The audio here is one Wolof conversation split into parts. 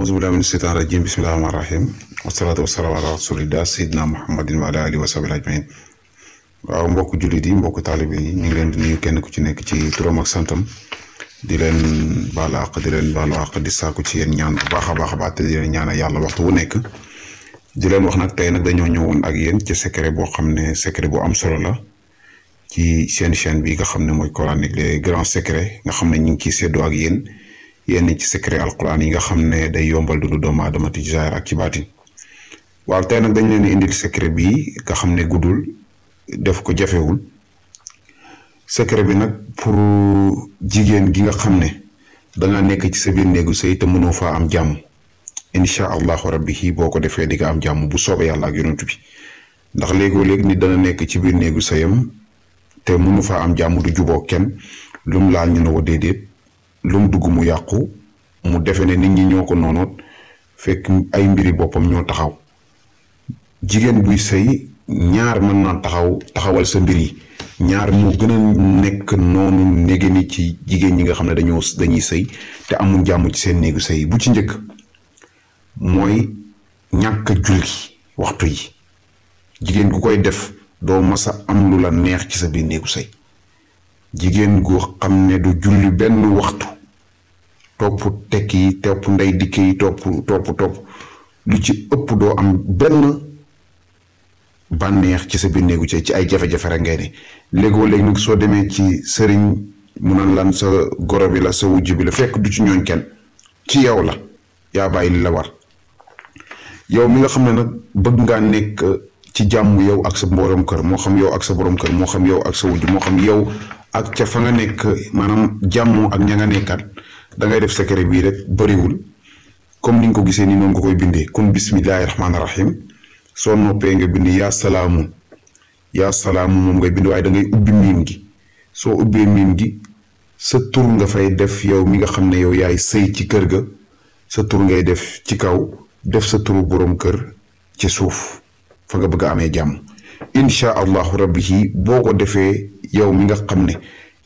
auzu billahi mina shaytaani rajim bismillahi rahmaani rahim wasalaatu wasalaamu ala rasulillah sayidina muhammadin wa ala alihi wa sahbihi ajmain waaw mbokk jullit yi mbokk taalibe yi ñu ngi leen di nuyu kenn ku ci nekk ci turam ak santam di leen baalu àq di leen baalu àq di sàkku ci yéen ñaan bu baax a baax a baax te di leen ñaan yàlla waxtu bu nekk di leen wax nag tey nag dañoo ñëwoon ak yéen ci secret boo xam ne secret bu am solo la ci seen chaîne bi nga xam ne mooy Coranique les grands secrets nga xam ne ñu ngi ciy séddoo ak yéen yenn ci secret alquran yi nga xam ne day yombal dundu doomu aadama ci zaahir ak ci baatin waaw tey nag dañ leen di indil secret bi nga xam ne guddul def ko jafewul secret bi nag pour jigéen gi nga xam ne danga nekk ci sa biir néegu te mënoo faa am jàmm incha allahu rabbi hii boo ko defee di am jàmm bu soobee yàlla ak yonent bi ndax léegoo léeg nit dana nekk ci biir néegu sëyam te mënu faa am jàmm du juboo kenn lu laa laal ñu ne wa déedéet lu dugg mu yàqu mu defe ne nit ñi ñoo ko noonoot fekk ay mbiri boppam ñoo taxaw jigéen buy sëy ñaar mën naa taxaw taxawal sa mbir yi ñaar moo gën a nekk noonu néega ni ci jigéen ñi nga xam ne dañoo dañuy sëy te amul jàmm ci seen néegu sëy bu ci njëkk mooy ñàkk julli waxtu yi jigéen gu koy def doo masa am lu la neex ci sa biir néegu sëy jigéen gu xam ne du julli benn waxtu topp tekki yi topp ndey dikk yi topp topp topp lu ci ëpp doo am benn bànneex ci sa biir néegu ci ay jafe-jafe rek ngay ne léegoo léegi nag soo demee ci sëriñ mu naan lan sa goro bi la sa wujj bi la fekk du ci ñooñ kenn ci yow la yaa bàyyi li la war yow mi nga xam ne nag bëgg ngaa nekk ci jàmm yow ak sa mbooloom kër moo xam yow ak sa borom kër moo xam yow ak sa wujj moo xam yow ak ca fa nga nekk maanaam jàmm ak ña nga nekkaat da ngay def secret bii rek bëriwul comme ni nga ko gisee nii noonu nga koy bindee kon bismillahi rahmaani rahim soo noppee nga bind yaa salaamu yaa salaamu moom ngay bind waaye da ngay ubbi miim gi soo ubbee miim gi sa tur nga fay def yow mi nga xam ne yow yaay sëy ci kër ga sa tur ngay def ci kaw def sa turu boroom kër ci suuf fa nga bëgg a amee jàmm incha allahu rabbi boo ko defee yow mi nga xam ne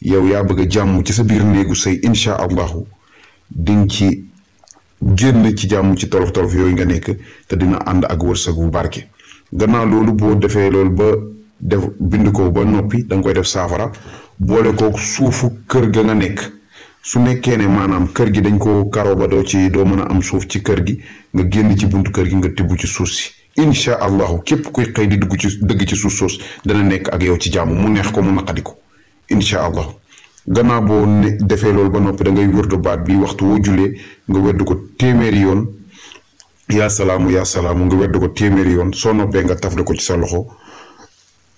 yow yaa bëgg a jàmm ci sa biir néegu sëy incha allahu diñ ci génn ci jàmm ci tolof tolof yooyu nga nekk te dina ànd ak wërsëg bu barke. gannaaw loolu boo defee loolu ba def bind ko ba noppi da koy def saafara boole ko suufu kër ga nga nekk su nekkee ne maanaam kër gi dañ ko karo ba doo ci doo mën a am suuf ci kër gi nga génn ci buntu kër gi nga tibb ci suuf si. incha allahu képp kuy xëy di dugg ci dëgg ci suuf soos dana nekk ak yow ci jàmm mu neex ko mu naqadi ko incha allahu gannaaw boo ne defee loolu ba noppi dangay ngay wërdu baat bi waxtu woo jullee nga wedd ko téeméeri yoon yaa salaamu yaa salaamu nga wedd ko téeméeri yoon soo noppee nga taf ko ci sa loxo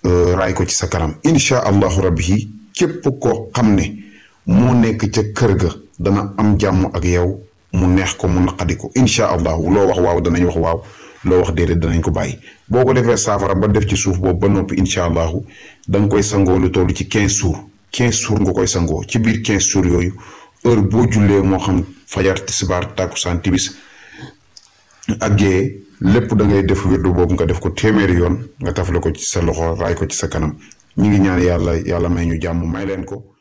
euh, raay ko ci sa kanam incha allahu rabbi képp koo xam ne moo nekk ca kër ga dana am jàmm ak yow mu neex ko mu naqadi ko incha allahu loo wax waaw danañ wax waaw loo wax déedéet danañ ko bàyyi boo ko defee saafara ba def ci suuf boobu ba noppi incha allahu da koy sangoo lu toll ci 15 jours. quinze jours nga koy sangoo ci biir quinze jours yooyu heure boo jullee moo xam fajar tisbaar takkusaan timis ak gée lépp dangay ngay def wirdu boobu nga def ko téeméeri yoon nga la ko ci sa loxo raay ko ci sa kanam ñi ngi ñaan yàlla yàlla may ñu jàmm may leen ko